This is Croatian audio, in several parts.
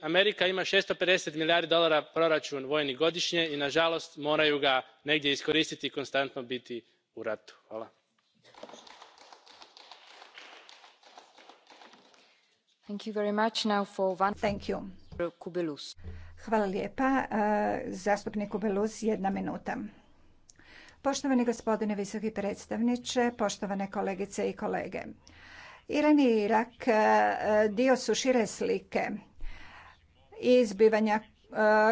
amerika ima six pedeset milijardi dolara proračun vojni godišnje i nažalost moraju ga negdje iskoristiti i konstantno biti u ratu. E, potovani gospodine visoki predstavniče, poštovane kolegice i kolege Iran i Irak e, dio su šire slike i zbivanja e,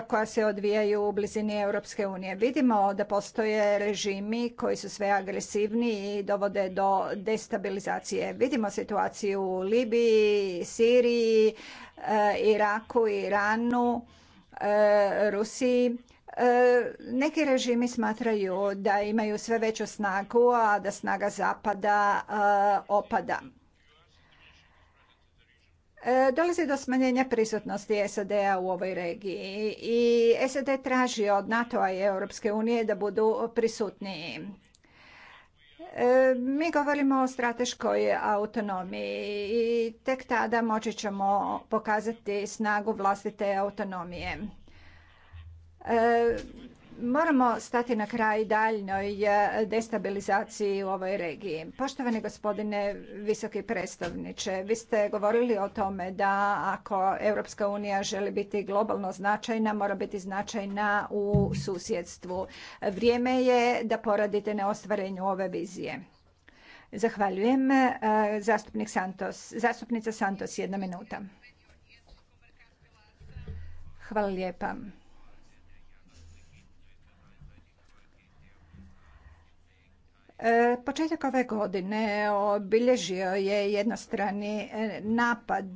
koja se odvijaju u blizini Europske unije. Vidimo da postoje režimi koji su sve agresivniji i dovode do destabilizacije. Vidimo situaciju u Libiji, Siriji, e, Iraku, Iranu, Rusiji. Neki režimi smatraju da imaju sve veću snagu, a da snaga zapada opada. E, dolazi do smanjenja prisutnosti SAD-a u ovoj regiji i SAD traži od NATO-a i Europske unije da budu prisutniji. E, mi govorimo o strateškoj autonomiji i tek tada moći ćemo pokazati snagu vlastite autonomije. E, Moramo stati na kraj daljnoj eh, destabilizaciji u ovoj regiji. Poštovani gospodine visoki predstavniče, vi ste govorili o tome da ako Europska unija želi biti globalno značajna, mora biti značajna u susjedstvu. Vrijeme je da poradite na ostvarenju ove vizije. Zahvaljujem. Eh, zastupnik Santos, zastupnica Santos, jedna minuta. Hvala lijepa. E, početak ove godine obilježio je jednostrani e, napad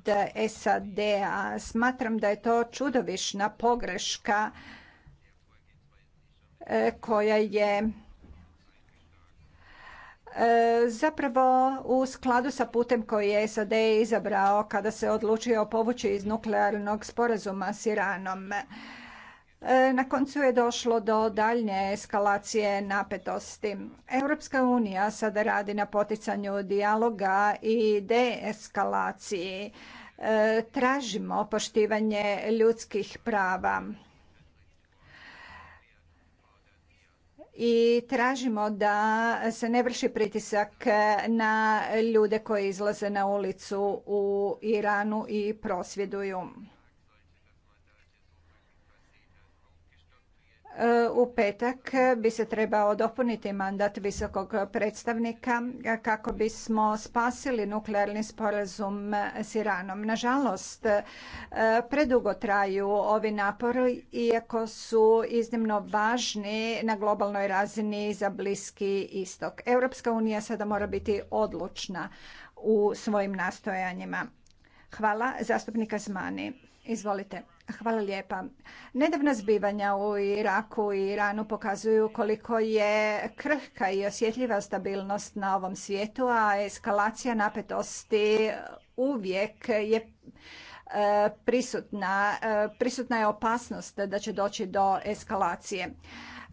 SAD-a. Smatram da je to čudovišna pogreška e, koja je zapravo u skladu sa putem koji je SAD izabrao kada se odlučio povući iz nuklearnog sporazuma s Iranom. E, na koncu je došlo do daljnje eskalacije napetosti. Europska unija sada radi na poticanju dijaloga i deeskalaciji. E, tražimo poštivanje ljudskih prava. i tražimo da se ne vrši pritisak na ljude koji izlaze na ulicu u Iranu i prosvjeduju. U petak bi se trebao dopuniti mandat visokog predstavnika kako bismo spasili nuklearni sporazum s Iranom. Nažalost, predugo traju ovi napori iako su iznimno važni na globalnoj razini za Bliski istok. Europska unija sada mora biti odlučna u svojim nastojanjima. Hvala. Zastupnika Zmani. Izvolite. Hvala lijepa. Nedavna zbivanja u Iraku i Iranu pokazuju koliko je krhka i osjetljiva stabilnost na ovom svijetu, a eskalacija napetosti uvijek je e, prisutna. E, prisutna je opasnost da će doći do eskalacije.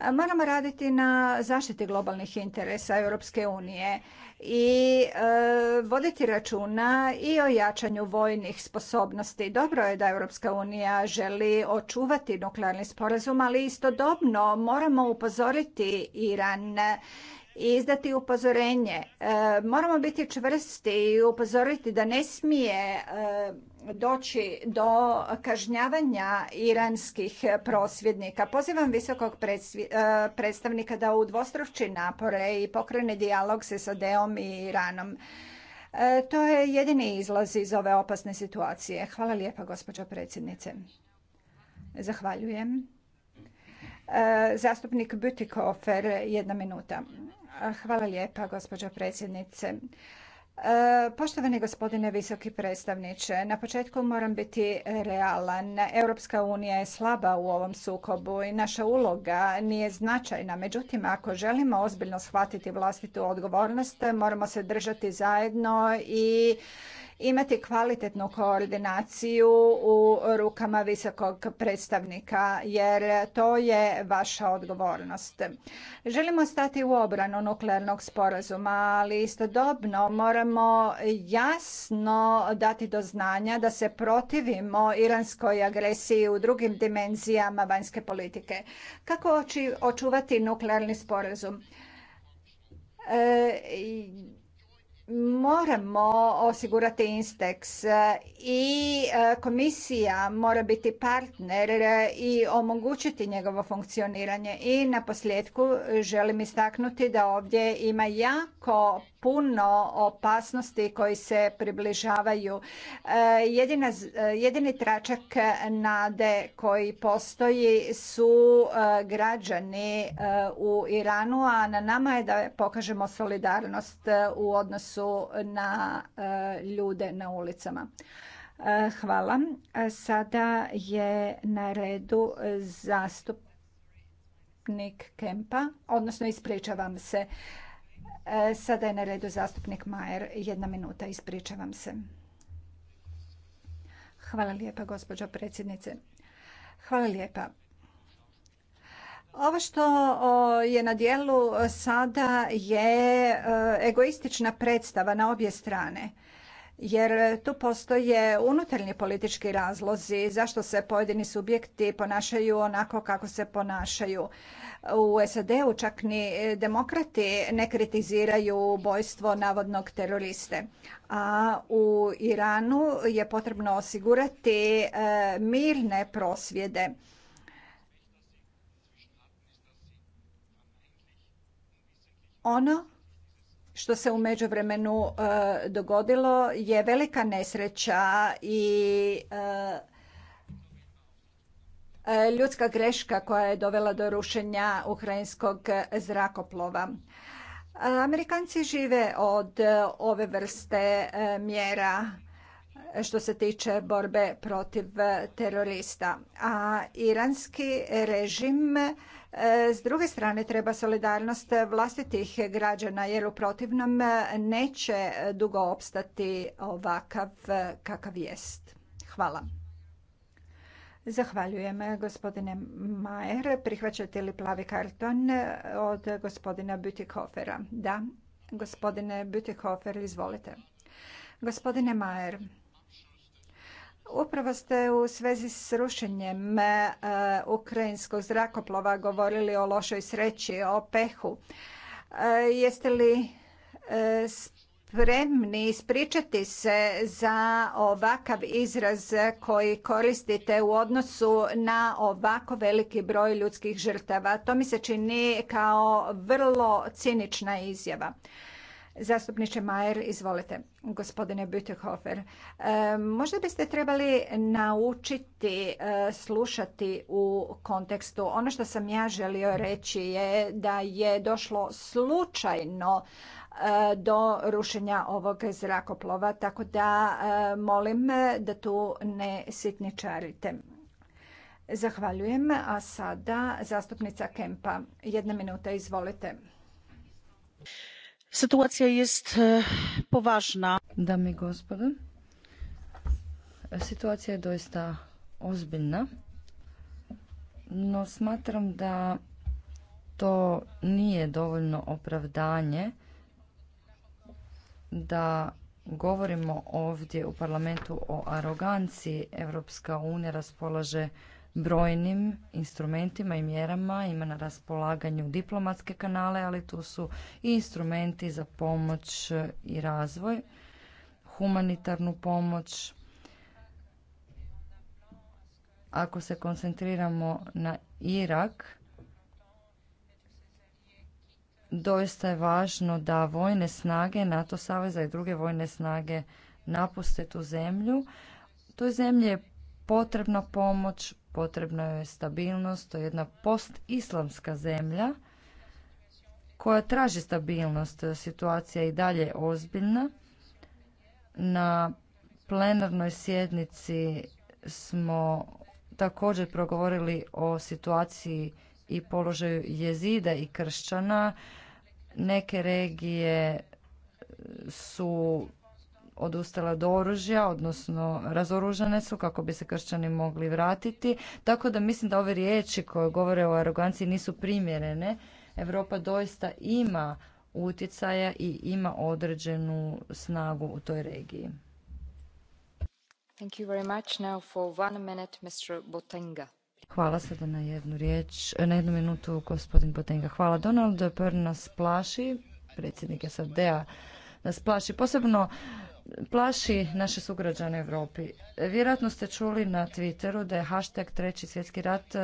Moramo raditi na zaštiti globalnih interesa Europske unije i e, voditi računa i o jačanju vojnih sposobnosti. Dobro je da Europska unija želi očuvati nuklearni sporazum, ali istodobno moramo upozoriti Iran i izdati upozorenje. E, moramo biti čvrsti i upozoriti da ne smije e, doći do kažnjavanja iranskih prosvjednika. Pozivam visokog e, predstavnika da udvostruči napore i pokrene dijalog se sa Deom i Iranom. E, to je jedini izlaz iz ove opasne situacije. Hvala lijepa, gospođo predsjednice. Zahvaljujem. E, zastupnik Butikofer, jedna minuta. Hvala lijepa, gospođo predsjednice. E, poštovani gospodine visoki predstavniče, na početku moram biti realan. Europska unija je slaba u ovom sukobu i naša uloga nije značajna. Međutim, ako želimo ozbiljno shvatiti vlastitu odgovornost, moramo se držati zajedno i imati kvalitetnu koordinaciju u rukama visokog predstavnika, jer to je vaša odgovornost. Želimo stati u obranu nuklearnog sporazuma, ali istodobno moramo jasno dati do znanja da se protivimo iranskoj agresiji u drugim dimenzijama vanjske politike. Kako očuvati nuklearni sporazum? E, moramo osigurati Instex e, i e, komisija mora biti partner e, i omogućiti njegovo funkcioniranje. I na posljedku želim istaknuti da ovdje ima jako puno opasnosti koji se približavaju. E, e, jedini tračak nade koji postoji su e, građani u Iranu, a na nama je da pokažemo solidarnost u odnosu na ljude na ulicama. Hvala. Sada je na redu zastupnik Kempa, odnosno ispričavam se. E, sada je na redu zastupnik Majer. Jedna minuta, ispričavam se. Hvala lijepa, gospođo predsjednice. Hvala lijepa. Ovo što je na dijelu sada je e, egoistična predstava na obje strane jer tu postoje unutarnji politički razlozi zašto se pojedini subjekti ponašaju onako kako se ponašaju. U SAD-u čak ni demokrati ne kritiziraju ubojstvo navodnog teroriste. A u Iranu je potrebno osigurati e, mirne prosvjede. Ono što se u međuvremenu e, dogodilo je velika nesreća i e, e, ljudska greška koja je dovela do rušenja ukrajinskog zrakoplova. Amerikanci žive od ove vrste mjera što se tiče borbe protiv terorista. A iranski režim s druge strane treba solidarnost vlastitih građana jer u protivnom neće dugo opstati ovakav kakav jest. Hvala. Zahvaljujem gospodine Majer. Prihvaćate li plavi karton od gospodina Butikofera? Da, gospodine Butikofer, izvolite. Gospodine Majer, Upravo ste u svezi s rušenjem e, ukrajinskog zrakoplova govorili o lošoj sreći, o pehu. E, jeste li e, spremni ispričati se za ovakav izraz koji koristite u odnosu na ovako veliki broj ljudskih žrtava? To mi se čini kao vrlo cinična izjava. Zastupniče Majer, izvolite, gospodine Bütikofer. E, možda biste trebali naučiti e, slušati u kontekstu. Ono što sam ja želio reći je da je došlo slučajno e, do rušenja ovog zrakoplova, tako da molim da tu ne sitničarite. Zahvaljujem, a sada zastupnica Kempa. Jedna minuta, izvolite. Sytuacja jest e, poważna. Dame i gospodo, situacija je doista ozbiljna, no smatram da to nije dovoljno opravdanje da govorimo ovdje u parlamentu o aroganciji. Europska unija raspolaže brojnim instrumentima i mjerama, ima na raspolaganju diplomatske kanale, ali tu su i instrumenti za pomoć i razvoj, humanitarnu pomoć. Ako se koncentriramo na Irak, doista je važno da vojne snage NATO saveza i druge vojne snage napuste tu zemlju. Toj zemlji je potrebna pomoć, potrebna je stabilnost, to je jedna post-islamska zemlja koja traži stabilnost. Situacija je i dalje ozbiljna. Na plenarnoj sjednici smo također progovorili o situaciji i položaju jezida i kršćana. Neke regije su odustala do oružja, odnosno razoružane su kako bi se kršćani mogli vratiti. Tako da mislim da ove riječi koje govore o aroganciji nisu primjerene. Europa doista ima utjecaja i ima određenu snagu u toj regiji. Thank you very much. Now for one minute, Mr. Botenga. Hvala sada na jednu riječ, na jednu minutu gospodin Botenga. Hvala. Donald Pern nas plaši, predsjednik SAD-a nas plaši, posebno plaši naše sugrađane u Europi. Vjerojatno ste čuli na Twitteru da je hashtag Treći svjetski rat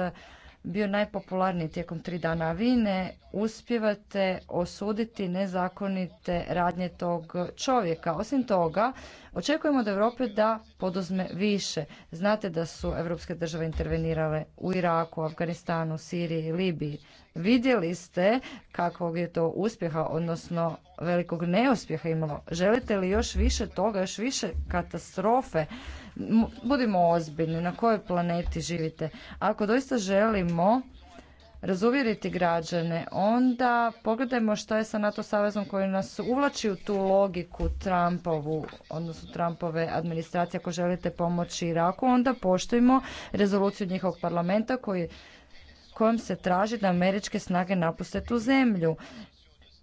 bio najpopularniji tijekom tri dana, a vi ne uspijevate osuditi nezakonite radnje tog čovjeka. Osim toga, očekujemo od Europe da poduzme više. Znate da su europske države intervenirale u Iraku, Afganistanu, Siriji i Libiji. Vidjeli ste kakvog je to uspjeha, odnosno velikog neuspjeha imalo. Želite li još više toga, još više katastrofe? Budimo ozbiljni, na kojoj planeti živite? Ako doista želimo razuvjeriti građane, onda pogledajmo što je sa NATO savezom koji nas uvlači u tu logiku Trumpovu, odnosno Trumpove administracije. Ako želite pomoći Iraku, onda poštujmo rezoluciju njihovog parlamenta koji kojom se traži da američke snage napuste tu zemlju,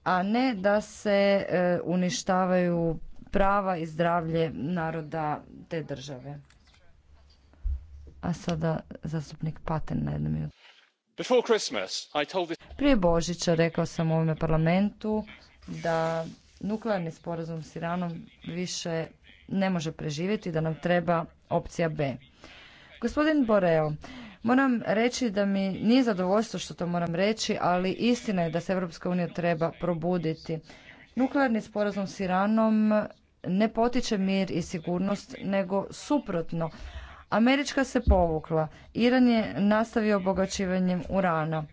a ne da se e, uništavaju prava i zdravlje naroda te države. A sada zastupnik Paten na jednu minutu. Prije Božića rekao sam u ovome parlamentu da nuklearni sporazum s Iranom više ne može preživjeti, da nam treba opcija B. Gospodin Boreo, moram reći da mi nije zadovoljstvo što to moram reći, ali istina je da se Europska unija treba probuditi. Nuklearni sporazum s Iranom ne potiče mir i sigurnost, nego suprotno. Američka se povukla, Iran je nastavio obogaćivanjem urana.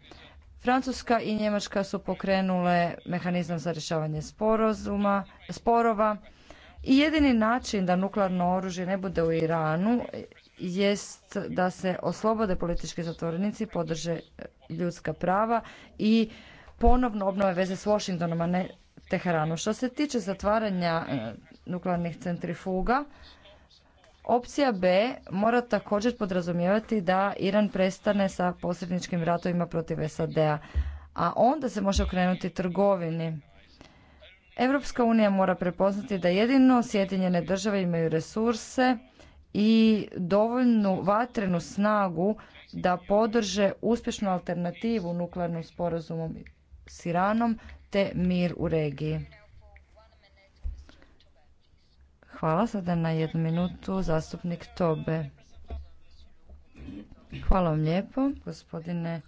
Francuska i Njemačka su pokrenule mehanizam za rješavanje sporozuma, sporova i jedini način da nuklearno oružje ne bude u Iranu jest da se oslobode politički zatvorenici, podrže ljudska prava i ponovno obnove veze s Washingtonom, a ne Teheranom. Što se tiče zatvaranja nuklearnih centrifuga. Opcija B mora također podrazumijevati da Iran prestane sa posredničkim ratovima protiv SAD-a, a onda se može okrenuti trgovini. Europska unija mora prepoznati da jedino Sjedinjene države imaju resurse i dovoljnu vatrenu snagu da podrže uspješnu alternativu nuklearnom sporazumom s Iranom te mir u regiji. Hvala. Sada na jednu minutu zastupnik Tobe. Hvala vam lijepo, gospodine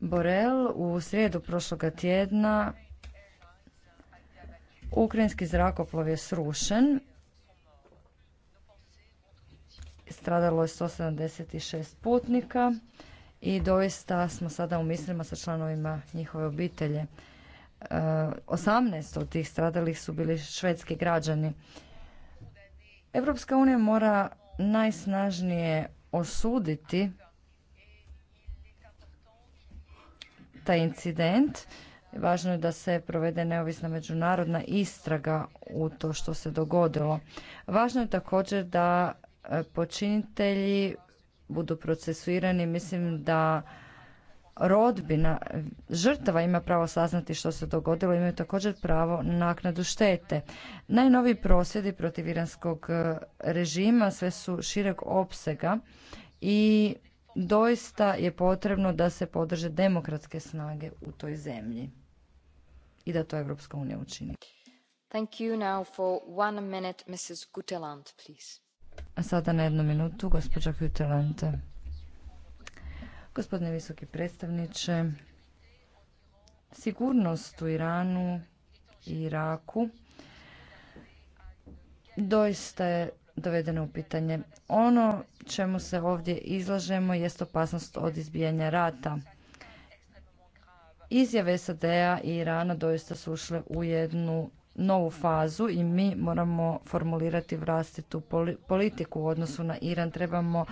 Borel. U srijedu prošloga tjedna ukrajinski zrakoplov je srušen. Stradalo je 176 putnika i doista smo sada u mislima sa članovima njihove obitelje. 18 od tih stradalih su bili švedski građani. Europska unija mora najsnažnije osuditi taj incident. Važno je da se provede neovisna međunarodna istraga u to što se dogodilo. Važno je također da e, počinitelji budu procesuirani. Mislim da rodbina žrtava ima pravo saznati što se dogodilo, imaju također pravo na naknadu štete. Najnoviji prosvjedi protiv iranskog e, režima sve su šireg opsega i doista je potrebno da se podrže demokratske snage u toj zemlji i da to Europska unija učini. Thank you now for one minute, Mrs. Guteland, please. A sada na jednu minutu, gospođa Guteland. Gospodine visoki predstavniče, sigurnost u Iranu i Iraku doista je dovedeno u pitanje. Ono čemu se ovdje izlažemo jest opasnost od izbijanja rata. Izjave SAD-a i Irana doista su ušle u jednu novu fazu i mi moramo formulirati vlastitu politiku u odnosu na Iran. Trebamo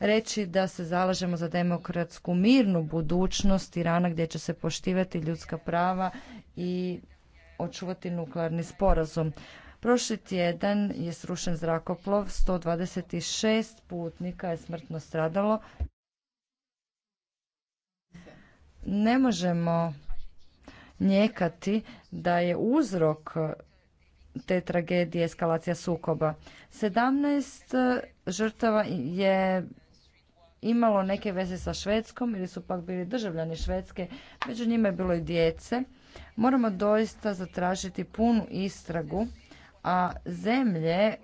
reći da se zalažemo za demokratsku mirnu budućnost Irana gdje će se poštivati ljudska prava i očuvati nuklearni sporazum. Prošli tjedan je srušen zrakoplov, 126 putnika je smrtno stradalo. Ne možemo njekati da je uzrok te tragedije eskalacija sukoba. 17 žrtava je imalo neke veze sa Švedskom ili su pak bili državljani Švedske, među njima je bilo i djece. Moramo doista zatražiti punu istragu, a zemlje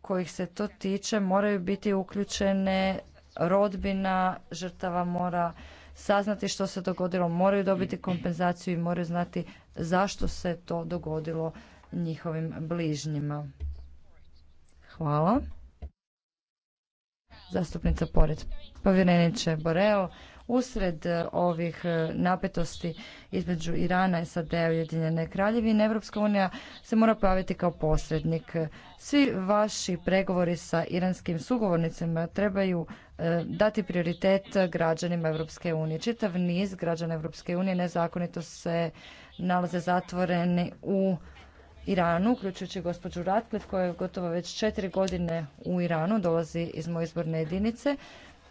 kojih se to tiče moraju biti uključene rodbina žrtava mora saznati što se dogodilo, moraju dobiti kompenzaciju i moraju znati zašto se to dogodilo njihovim bližnjima. Hvala zastupnica pored. Povjereniče Boreo, usred e, ovih e, napetosti između Irana i SAD i Ujedinjene kraljevine, Evropska unija se mora pojaviti kao posrednik. Svi vaši pregovori sa iranskim sugovornicima trebaju e, dati prioritet građanima Evropske unije. Čitav niz građana Evropske unije nezakonito se nalaze zatvoreni u Iranu, uključujući gospođu Ratcliffe koja je gotovo već četiri godine u Iranu, dolazi iz moje izborne jedinice.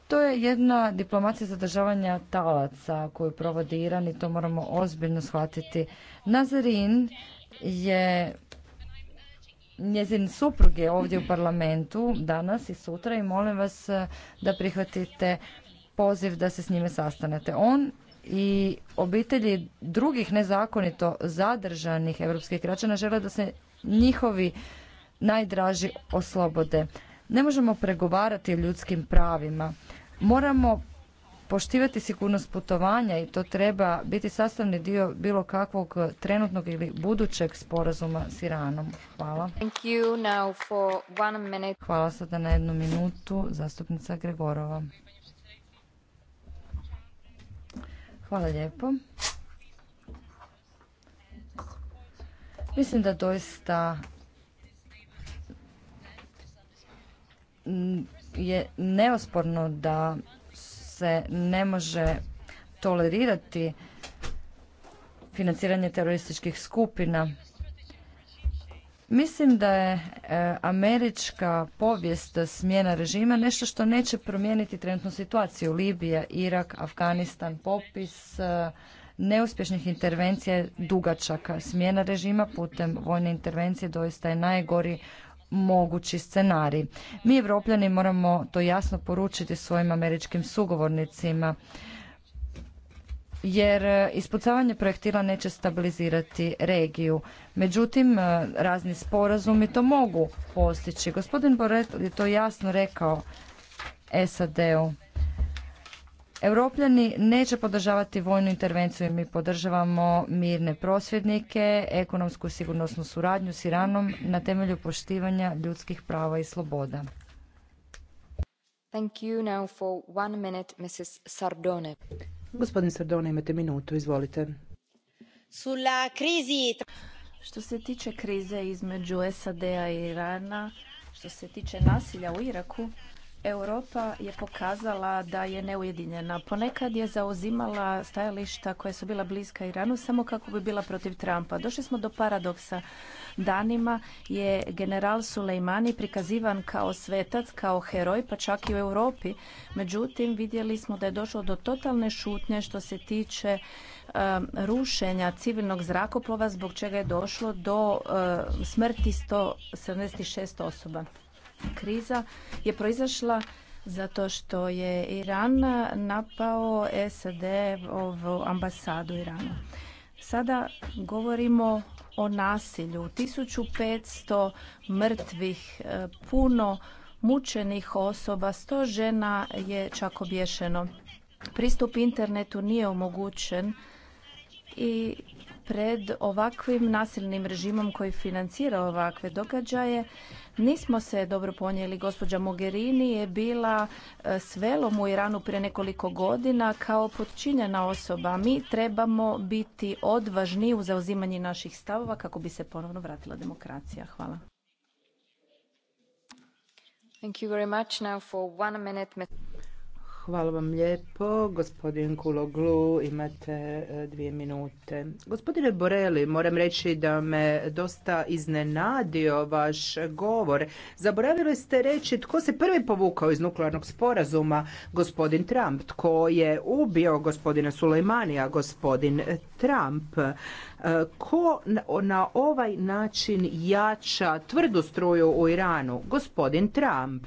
To je jedna diplomacija zadržavanja talaca koju provodi Iran i to moramo ozbiljno shvatiti. Nazarin je njezin suprug je ovdje u parlamentu danas i sutra i molim vas da prihvatite poziv da se s njime sastanete. On i obitelji drugih nezakonito zadržanih europskih građana žele da se njihovi najdraži oslobode. Ne možemo pregovarati o ljudskim pravima. Moramo poštivati sigurnost putovanja i to treba biti sastavni dio bilo kakvog trenutnog ili budućeg sporazuma s Iranom. Hvala. Hvala sada na jednu minutu, zastupnica Gregorova. Hvala lijepo. Mislim da doista je neosporno da se ne može tolerirati financiranje terorističkih skupina Mislim da je e, američka povijest smjena režima nešto što neće promijeniti trenutnu situaciju. Libija, Irak, Afganistan, popis e, neuspješnih intervencija je dugačaka. Smjena režima putem vojne intervencije doista je najgori mogući scenarij. Mi, Evropljani, moramo to jasno poručiti svojim američkim sugovornicima jer e, ispucavanje projektila neće stabilizirati regiju. Međutim, e, razni sporazumi to mogu postići. Gospodin Boret je to jasno rekao SAD-u. Europljani neće podržavati vojnu intervenciju i mi podržavamo mirne prosvjednike, ekonomsku i sigurnosnu suradnju s Iranom na temelju poštivanja ljudskih prava i sloboda. Thank you now for one minute, Mrs. Sardone. Gospodin Sardone, imate minutu, izvolite. Sulla crisi... Što se tiče krize između SAD-a i Irana, što se tiče nasilja u Iraku, Europa je pokazala da je neujedinjena. Ponekad je zauzimala stajališta koja su bila bliska Iranu samo kako bi bila protiv Trumpa. Došli smo do paradoksa. Danima je general Sulejmani prikazivan kao svetac, kao heroj, pa čak i u Europi. Međutim, vidjeli smo da je došlo do totalne šutnje što se tiče um, rušenja civilnog zrakoplova zbog čega je došlo do um, smrti 176 osoba kriza je proizašla zato što je Iran napao SAD ovu ambasadu Irana. Sada govorimo o nasilju. 1500 mrtvih, e, puno mučenih osoba, 100 žena je čak obješeno. Pristup internetu nije omogućen i pred ovakvim nasilnim režimom koji financira ovakve događaje Nismo se dobro ponijeli. Gospođa Mogherini je bila e, s velom u Iranu prije nekoliko godina kao podčinjena osoba. Mi trebamo biti odvažni u zauzimanju naših stavova kako bi se ponovno vratila demokracija. Hvala. Thank Hvala vam lijepo. Gospodin Kuloglu, imate e, dvije minute. Gospodine Boreli, moram reći da me dosta iznenadio vaš govor. Zaboravili ste reći tko se prvi povukao iz nuklearnog sporazuma, gospodin Trump. Tko je ubio gospodina Sulejmanija, gospodin Trump. E, ko na ovaj način jača tvrdu struju u Iranu? Gospodin Trump.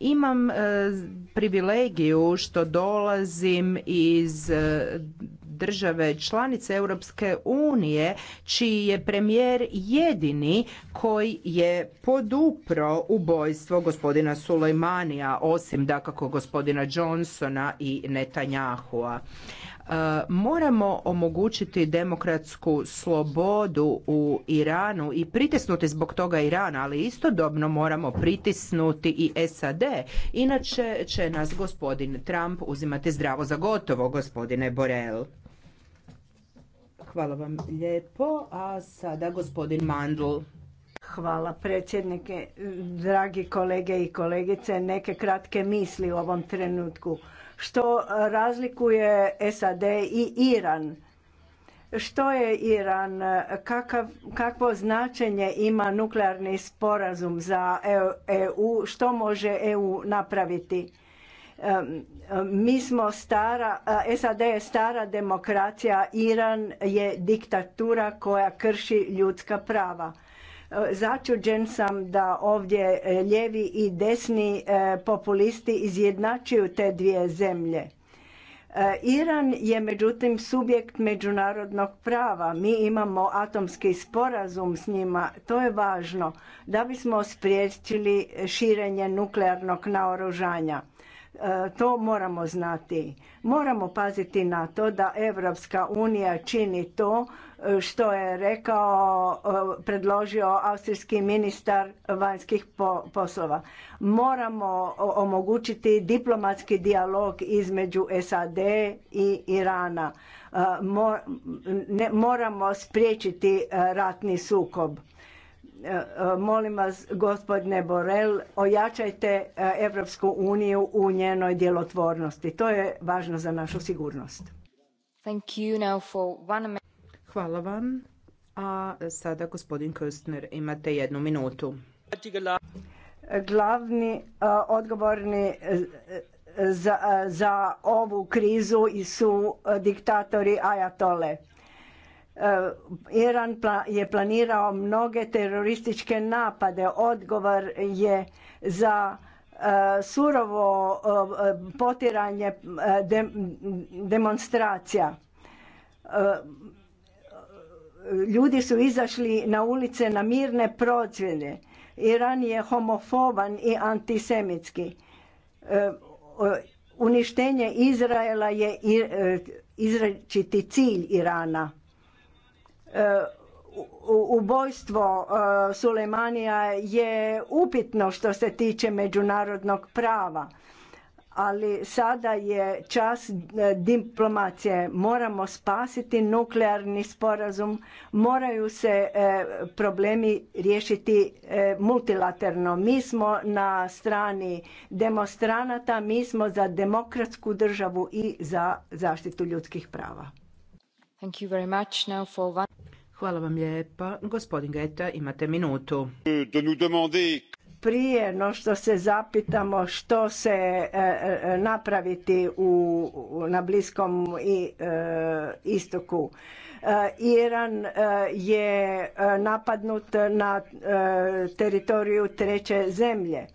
Imam e, privilegiju što dolazim iz e, države članice Europske unije čiji je premijer jedini koji je podupro ubojstvo gospodina Sulejmanija osim dakako gospodina Johnsona i Netanjahua. E, moramo omogućiti demokratsku slobodu u Iranu i pritisnuti zbog toga Iran, ali istodobno moramo pritisnuti i SAD. Inače će nas gospodin Trump uzimati zdravo za gotovo, gospodine Borel. Hvala vam lijepo. A sada gospodin Mandl. Hvala predsjednike, dragi kolege i kolegice. Neke kratke misli u ovom trenutku što razlikuje SAD i Iran. Što je Iran, kakav, kakvo značenje ima nuklearni sporazum za EU, e što može EU napraviti? Mi smo stara, SAD je stara demokracija, Iran je diktatura koja krši ljudska prava Začuđen sam da ovdje e, ljevi i desni e, populisti izjednačuju te dvije zemlje. E, Iran je međutim subjekt međunarodnog prava. Mi imamo atomski sporazum s njima. To je važno da bismo spriječili širenje nuklearnog naoružanja. To moramo znati. Moramo paziti na to da Evropska unija čini to što je rekao, e, predložio austrijski ministar vanjskih poslova. Moramo omogućiti diplomatski dijalog između SAD i Irana. E, moramo spriječiti e, ratni sukob. Molim vas, gospodine Borel, ojačajte Evropsku uniju u njenoj djelotvornosti. To je važno za našu sigurnost. Thank you now for one... Hvala vam. A sada gospodin Kostner, imate jednu minutu. Glavni odgovorni e, e, za, za ovu krizu su diktatori Ajatole. E, Iran je planirao mnoge terorističke napade. Odgovor je za surovo potiranje demonstracija ljudi su izašli na ulice na mirne prosvjede. Iran je homofoban i antisemitski. E, uništenje Izraela je e, izrečiti cilj Irana. E, ubojstvo Sulemanija je upitno što se tiče međunarodnog prava ali sada je čas e, diplomacije. Moramo spasiti nuklearni sporazum, moraju se e, problemi riješiti e, multilaterno. Mi smo na strani demonstranata, mi smo za demokratsku državu i za zaštitu ljudskih prava. Thank you very much now for one... Hvala vam lijepa. Gospodin Geta, imate minutu prije no što se zapitamo što se e, e, napraviti u, na Bliskom i, e, istoku. Iran je napadnut na teritoriju treće zemlje.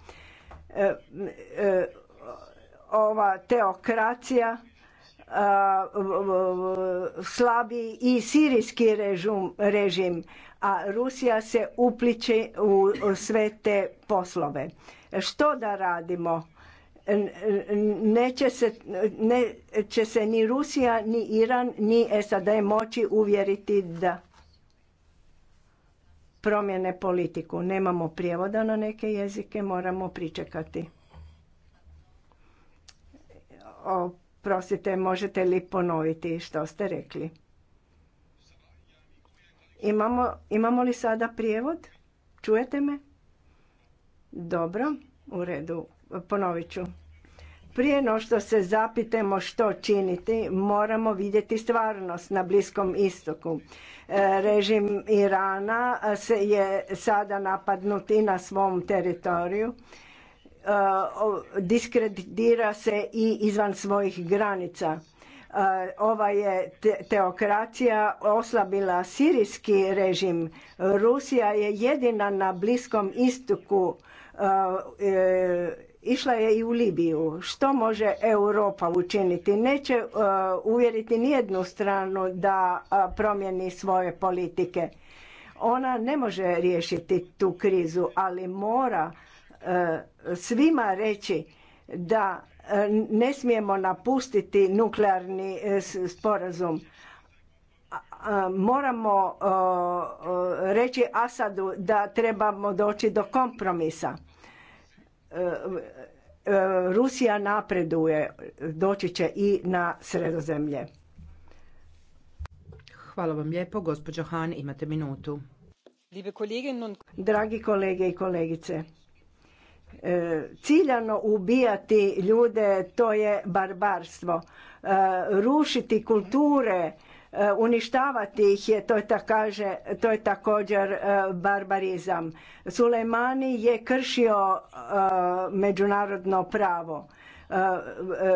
Ova teokracija slabi i sirijski režim, a Rusija se upliče u sve te poslove. Što da radimo? Neće se, neće se ni Rusija, ni Iran, ni SAD moći uvjeriti da promjene politiku. Nemamo prijevoda na neke jezike, moramo pričekati. O Oprostite, možete li ponoviti što ste rekli? Imamo, imamo li sada prijevod? Čujete me? Dobro, u redu, ponovit ću. Prije no što se zapitemo što činiti, moramo vidjeti stvarnost na Bliskom istoku. E, režim Irana se je sada napadnut i na svom teritoriju E, diskreditira se i izvan svojih granica. E, ova je teokracija oslabila sirijski režim. Rusija je jedina na Bliskom istoku e, išla je i u Libiju. Što može Europa učiniti? Neće uvjeriti nijednu stranu da promijeni svoje politike. Ona ne može riješiti tu krizu, ali mora E, svima reći da e, ne smijemo napustiti nuklearni e, sporazum. Moramo reći Asadu da trebamo doći do kompromisa. Rusija napreduje, doći će i na sredozemlje. Hvala vam lijepo. Gospođo Han, imate minutu. Dragi kolege i kolegice, E, ciljano ubijati ljude to je barbarstvo e, rušiti kulture e, uništavati ih je to je, to je također barbarizam Sulejmani je kršio međunarodno pravo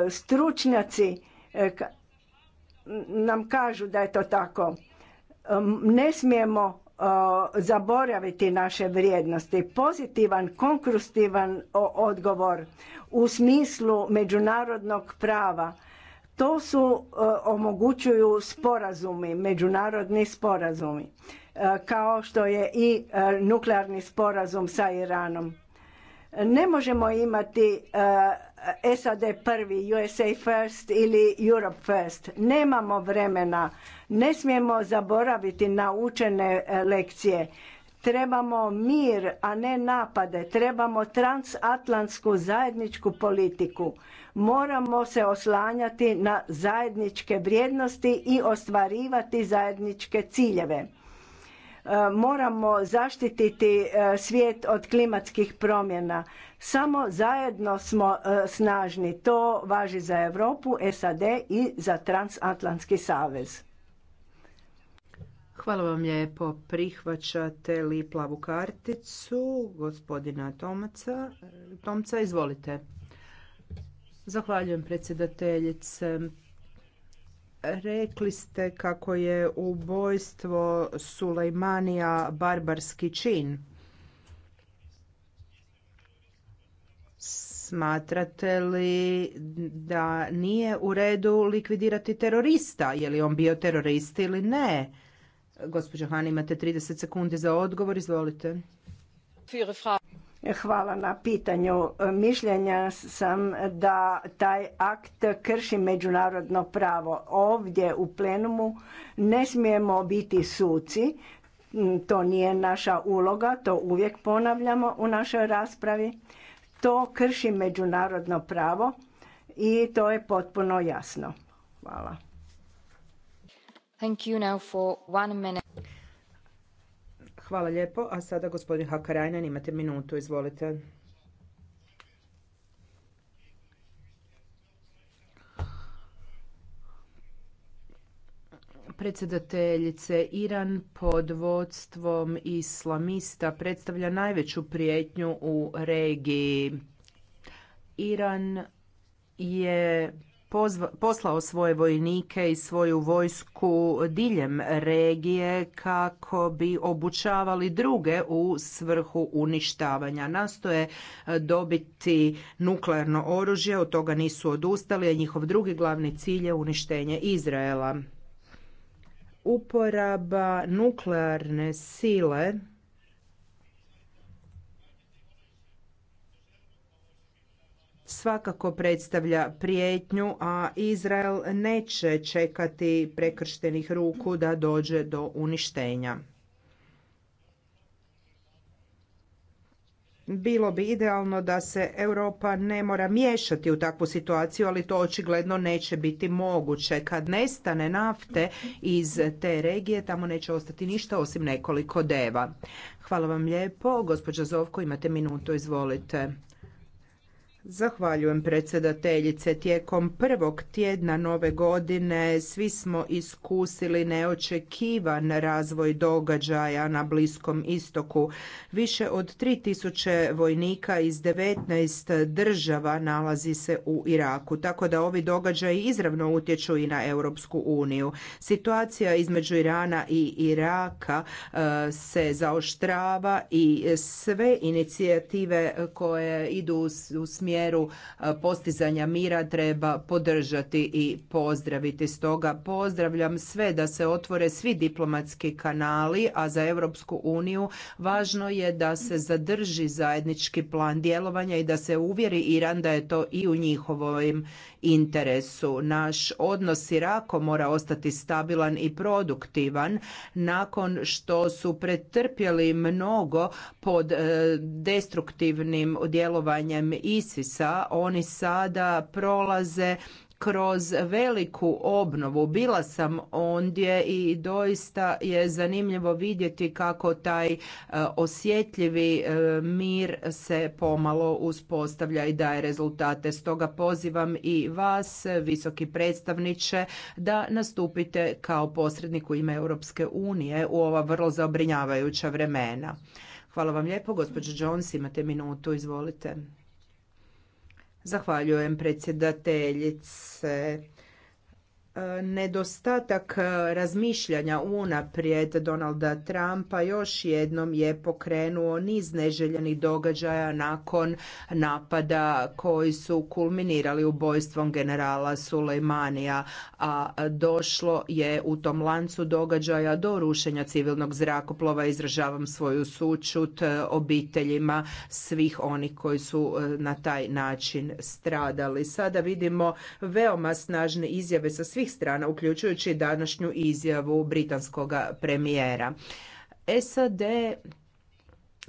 stručnjaci nam kažu da je to tako ne smijemo E, zaboraviti naše vrijednosti. Pozitivan, konkurstivan odgovor u smislu međunarodnog prava. To su e, omogućuju sporazumi, međunarodni sporazumi, e, kao što je i nuklearni sporazum sa Iranom. Ne možemo imati SAD prvi, USA first ili Europe first. Nemamo vremena, ne smijemo zaboraviti naučene e, lekcije. Trebamo mir, a ne napade. Trebamo transatlantsku zajedničku politiku. Moramo se oslanjati na zajedničke vrijednosti i ostvarivati zajedničke ciljeve. E, moramo zaštititi e, svijet od klimatskih promjena. Samo zajedno smo e, snažni. To važi za Europu, SAD i za Transatlantski savez. Hvala vam lijepo. Prihvaćate li plavu karticu gospodina Tomca, izvolite. Zahvaljujem predsjedateljice. Rekli ste kako je ubojstvo Sulejmanija barbarski čin. Smatrate li da nije u redu likvidirati terorista? Je li on bio terorist ili ne? Gospođo Han, imate 30 sekundi za odgovor, izvolite. Hvala na pitanju. Mišljenja sam da taj akt krši međunarodno pravo. Ovdje u plenumu ne smijemo biti suci, to nije naša uloga, to uvijek ponavljamo u našoj raspravi. To krši međunarodno pravo i to je potpuno jasno. Hvala. Thank you now Hvala lijepo. A sada gospodin Hakarajnan, imate minutu, izvolite. predsjedateljice Iran pod vodstvom islamista predstavlja najveću prijetnju u regiji. Iran je poslao svoje vojnike i svoju vojsku diljem regije kako bi obučavali druge u svrhu uništavanja. Nastoje e, dobiti nuklearno oružje, od toga nisu odustali, a njihov drugi glavni cilj je uništenje Izraela. Uporaba nuklearne sile svakako predstavlja prijetnju, a Izrael neće čekati prekrštenih ruku da dođe do uništenja. Bilo bi idealno da se Europa ne mora miješati u takvu situaciju, ali to očigledno neće biti moguće. Kad nestane nafte iz te regije, tamo neće ostati ništa osim nekoliko deva. Hvala vam lijepo. Gospođa Zovko, imate minutu, izvolite. Zahvaljujem predsjedateljice. Tijekom prvog tjedna nove godine svi smo iskusili neočekivan razvoj događaja na Bliskom istoku. Više od 3000 vojnika iz 19 država nalazi se u Iraku, tako da ovi događaji izravno utječu i na Europsku uniju. Situacija između Irana i Iraka e, se zaoštrava i sve inicijative koje idu u smjeru mjeru e, postizanja mira treba podržati i pozdraviti. Stoga pozdravljam sve da se otvore svi diplomatski kanali, a za Europsku uniju važno je da se zadrži zajednički plan djelovanja i da se uvjeri Iran da je to i u njihovom interesu. Naš odnos irako mora ostati stabilan i produktivan nakon što su pretrpjeli mnogo pod e, destruktivnim djelovanjem ISIS sa Oni sada prolaze kroz veliku obnovu. Bila sam ondje i doista je zanimljivo vidjeti kako taj e, osjetljivi e, mir se pomalo uspostavlja i daje rezultate. Stoga pozivam i vas, visoki predstavniče, da nastupite kao posrednik u ime Europske unije u ova vrlo zabrinjavajuća vremena. Hvala vam lijepo. Gospođo Jones, imate minutu, izvolite. Zahvaljujem predsjedateljice nedostatak e, razmišljanja unaprijed Donalda Trumpa još jednom je pokrenuo niz neželjenih događaja nakon napada koji su kulminirali ubojstvom generala Sulejmanija, a došlo je u tom lancu događaja do rušenja civilnog zrakoplova. Izražavam svoju sućut e, obiteljima svih onih koji su e, na taj način stradali. Sada vidimo veoma snažne izjave sa svih strana, uključujući današnju izjavu britanskog premijera. SAD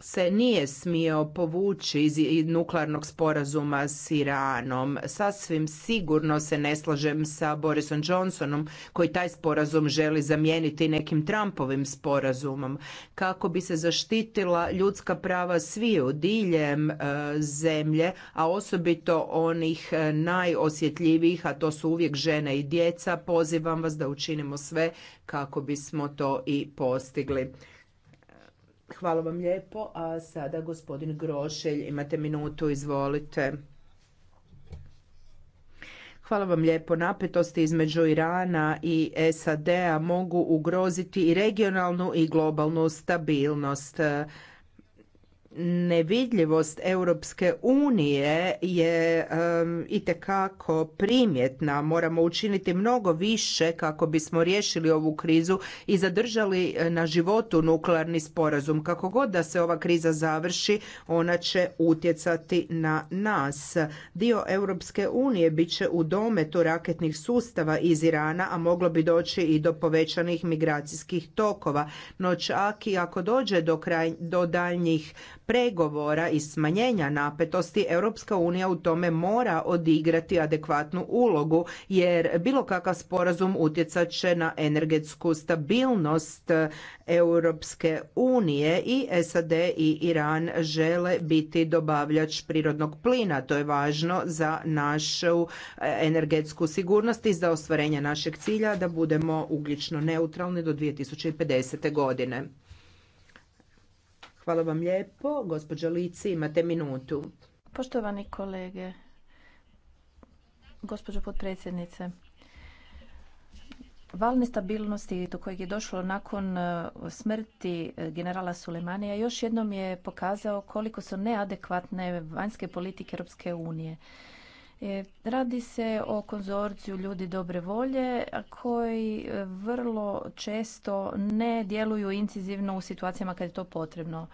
se nije smio povući iz nuklearnog sporazuma s Iranom. Sasvim sigurno se ne slažem sa Borisom Johnsonom koji taj sporazum želi zamijeniti nekim Trumpovim sporazumom kako bi se zaštitila ljudska prava sviju diljem e, zemlje, a osobito onih e, najosjetljivijih, a to su uvijek žene i djeca. Pozivam vas da učinimo sve kako bismo to i postigli. Hvala vam lijepo, a sada gospodin Grošelj, imate minutu, izvolite. Hvala vam lijepo. Napetosti između Irana i SAD-a mogu ugroziti i regionalnu i globalnu stabilnost nevidljivost Europske unije je um, itekako primjetna. Moramo učiniti mnogo više kako bismo riješili ovu krizu i zadržali e, na životu nuklearni sporazum. Kako god da se ova kriza završi, ona će utjecati na nas. Dio Europske unije bit će u dometu raketnih sustava iz Irana, a moglo bi doći i do povećanih migracijskih tokova. No čak i ako dođe do, kraj, do daljnjih pregovora i smanjenja napetosti Europska unija u tome mora odigrati adekvatnu ulogu jer bilo kakav sporazum utjecat će na energetsku stabilnost Europske unije i SAD i Iran žele biti dobavljač prirodnog plina. To je važno za našu e, energetsku sigurnost i za ostvarenje našeg cilja da budemo ugljično neutralni do 2050. godine. Hvala vam lijepo. Gospođo Lici, imate minutu. Poštovani kolege, gospođo potpredsjednice, Val nestabilnosti do kojeg je došlo nakon e, smrti e, generala Sulemanija još jednom je pokazao koliko su neadekvatne vanjske politike Europske unije. E, radi se o konzorciju ljudi dobre volje koji e, vrlo često ne djeluju incizivno u situacijama kad je to potrebno.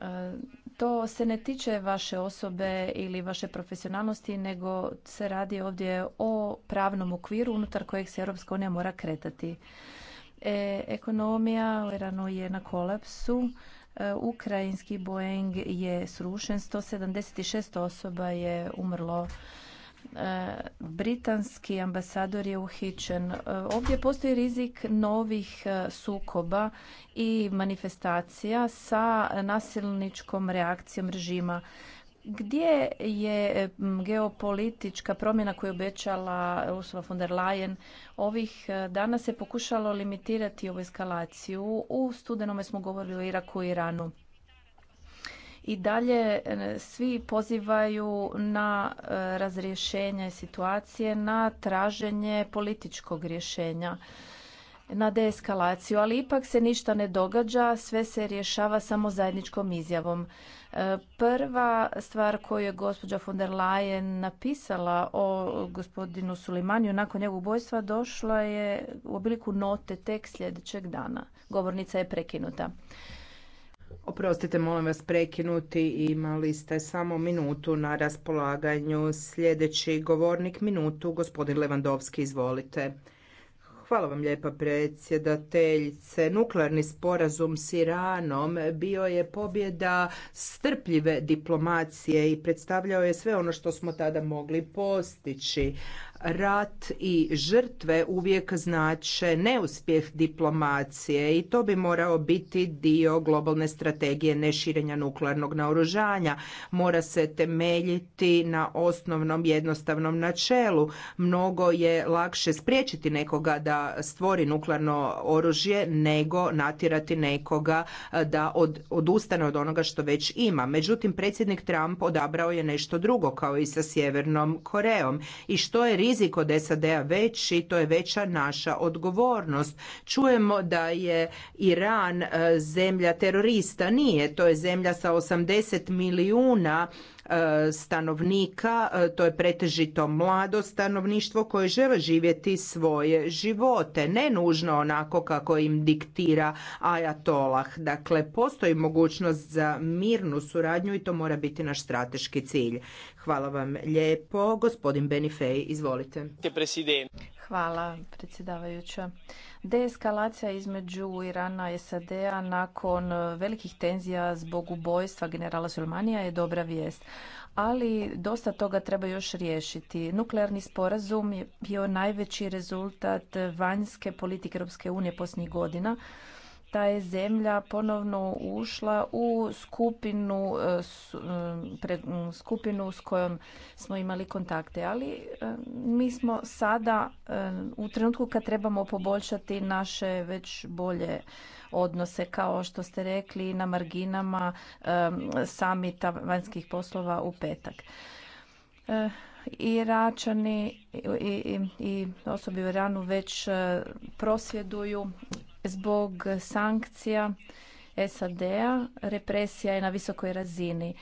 E, to se ne tiče vaše osobe ili vaše profesionalnosti, nego se radi ovdje o pravnom okviru unutar kojeg se Europska unija mora kretati. E, ekonomija je na kolapsu E, ukrajinski Boeing je srušen, 176 osoba je umrlo e, britanski ambasador je uhićen. E, ovdje postoji rizik novih sukoba i manifestacija sa nasilničkom reakcijom režima. Gdje je geopolitička promjena koju je obećala Ursula von der Leyen ovih e, dana se pokušalo limitirati ovu eskalaciju? U studenome smo govorili o Iraku i Iranu. I dalje svi pozivaju na e, razrješenje situacije, na traženje političkog rješenja na deeskalaciju, ali ipak se ništa ne događa, sve se rješava samo zajedničkom izjavom. E, prva stvar koju je gospođa von der Leyen napisala o gospodinu Sulimaniju nakon njegovog ubojstva došla je u obliku note tek sljedećeg dana. Govornica je prekinuta. Oprostite, molim vas prekinuti, imali ste samo minutu na raspolaganju. Sljedeći govornik minutu, gospodin Levandovski, izvolite. Hvala vam lijepa predsjedateljice. Nuklearni sporazum s Iranom bio je pobjeda strpljive diplomacije i predstavljao je sve ono što smo tada mogli postići rat i žrtve uvijek znače neuspjeh diplomacije i to bi morao biti dio globalne strategije neširenja nuklearnog naoružanja. Mora se temeljiti na osnovnom jednostavnom načelu. Mnogo je lakše spriječiti nekoga da stvori nuklearno oružje nego natjerati nekoga da od, odustane od onoga što već ima. Međutim, predsjednik Trump odabrao je nešto drugo kao i sa Sjevernom Koreom. I što je rizik od SAD-a veći, to je veća naša odgovornost. Čujemo da je Iran e, zemlja terorista. Nije, to je zemlja sa 80 milijuna E, stanovnika, e, to je pretežito mlado stanovništvo koje žele živjeti svoje živote, ne nužno onako kako im diktira ajatolah. Dakle, postoji mogućnost za mirnu suradnju i to mora biti naš strateški cilj. Hvala vam lijepo. Gospodin Benifej, izvolite. Hvala, predsjedavajuća. Deeskalacija između Irana i SAD-a nakon velikih tenzija zbog ubojstva generala Sulmanija je dobra vijest. Ali dosta toga treba još riješiti. Nuklearni sporazum je bio najveći rezultat vanjske politike Europske unije posljednjih godina ta je zemlja ponovno ušla u skupinu, e, e, skupinu s kojom smo imali kontakte. Ali e, mi smo sada u trenutku kad trebamo poboljšati naše već bolje odnose kao što ste rekli na marginama samita vanjskih poslova u petak. i, račani i osobi u Iranu već prosvjeduju Zbog sankcija SAD-a represija je na visokoj razini.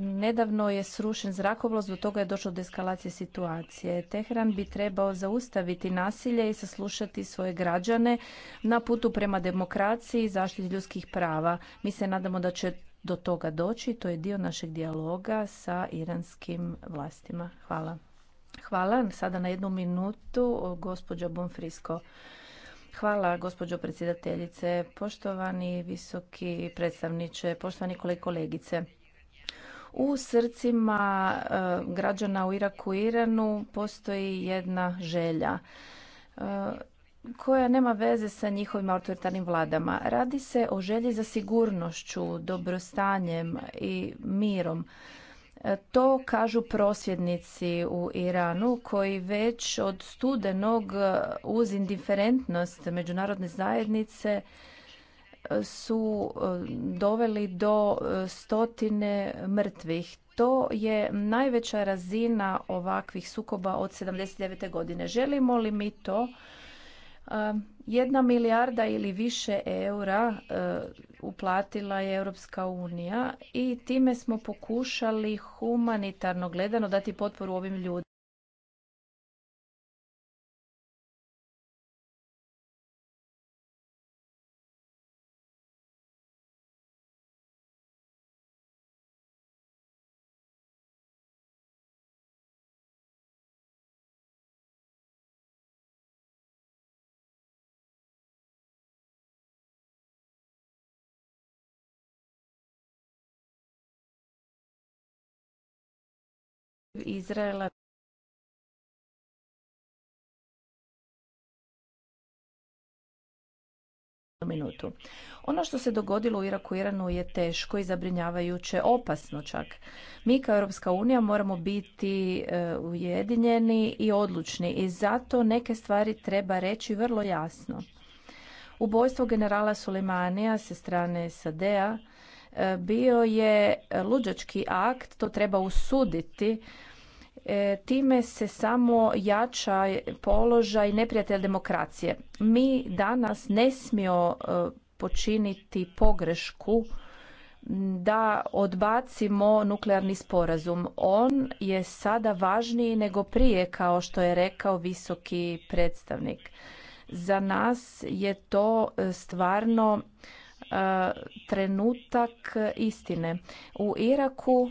Nedavno je srušen zrakoplov, zbog toga je došlo do eskalacije situacije. Tehran bi trebao zaustaviti nasilje i saslušati svoje građane na putu prema demokraciji i zaštiti ljudskih prava. Mi se nadamo da će do toga doći. To je dio našeg dijaloga sa iranskim vlastima. Hvala. Hvala. Sada na jednu minutu gospođa Bonfrisko. Hvala gospođo predsjedateljice, poštovani visoki predstavniče, poštovani kolege kolegice. U srcima e, građana u Iraku i Iranu postoji jedna želja e, koja nema veze sa njihovim autoritarnim vladama. Radi se o želji za sigurnošću, dobrostanjem i mirom. To kažu prosvjednici u Iranu koji već od studenog e, uz indiferentnost međunarodne zajednice e, su e, doveli do stotine mrtvih. To je najveća razina ovakvih sukoba od 79. godine. Želimo li mi to? Jedna milijarda ili više eura eh, uplatila je Europska unija i time smo pokušali humanitarno gledano dati potporu ovim ljudima. Izraela minutu. Ono što se dogodilo u Iraku i Iranu je teško i zabrinjavajuće, opasno čak. Mi kao Europska unija moramo biti e, ujedinjeni i odlučni i zato neke stvari treba reći vrlo jasno. Ubojstvo generala Sulemanija se strane SAD-a e, bio je luđački akt, to treba usuditi E, time se samo jača položaj neprijatelj demokracije. Mi danas ne smijemo e, počiniti pogrešku da odbacimo nuklearni sporazum. On je sada važniji nego prije, kao što je rekao visoki predstavnik. Za nas je to e, stvarno trenutak istine. U Iraku